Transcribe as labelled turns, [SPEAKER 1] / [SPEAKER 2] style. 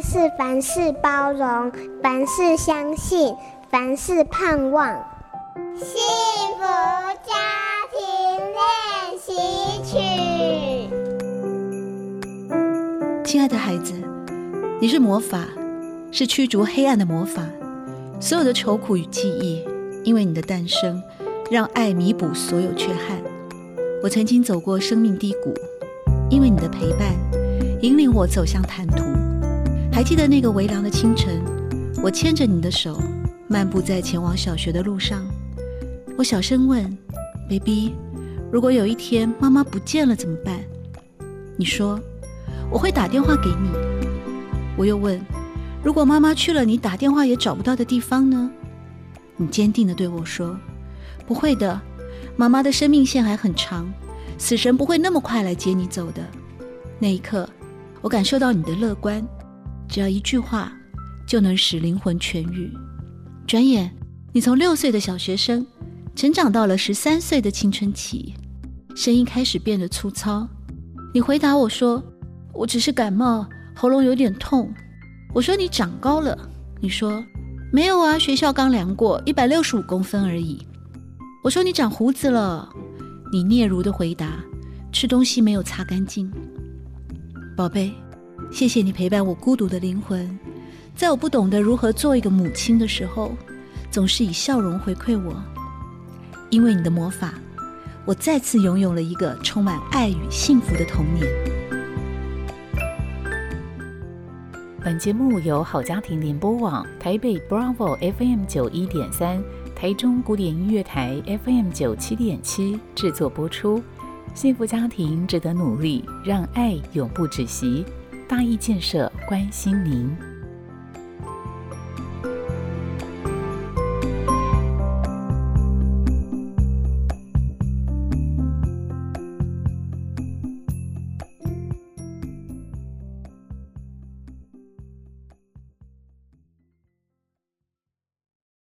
[SPEAKER 1] 是凡事包容，凡事相信，凡事盼望。
[SPEAKER 2] 幸福家庭練習
[SPEAKER 3] 曲。親愛的孩子，你是魔法，是驅逐黑暗的魔法。所有的愁苦與記憶，因為你的誕生，讓愛彌補所有缺憾。我曾經走過生命低谷，因為你的陪伴，引領我走向坦途。還記得那個微涼的清晨，我牽着你的手，漫步在前往小學的路上。我小聲問：“baby，如果有一天媽媽不見了怎麼辦？”你說：“我會打電話給你。”我又問：“如果媽媽去了你打電話也找不到的地方呢？”你堅定地對我說：“不會的，媽媽的生命線還很長，死神不會那麼快來接你走的。”那一刻，我感受到你的樂觀。只要一句話，就能使靈魂痊癒。轉眼，你從六歲的小學生，成長到了十三歲的青春期，聲音開始變得粗糙。你回答我說：“我只是感冒，喉嚨有點痛。”我說：“你長高了。”你說：“沒有啊，學校剛量過，一百六十五公分而已。”我說：“你長鬍子了。”你囁嚅的回答：“吃東西沒有擦乾淨。”寶貝。謝謝你陪伴我孤獨的靈魂，在我不懂得如何做一個母親的時候，總是以笑容回饋我。因為你的魔法，我再次擁有了一個充滿愛與幸福的童年。
[SPEAKER 4] 本節目由好家庭聯播網、台北 Bravo FM 九一點三、台中古典音樂台 FM 九七點七製作播出。幸福家庭值得努力，讓愛永不止息。大義建設關心您。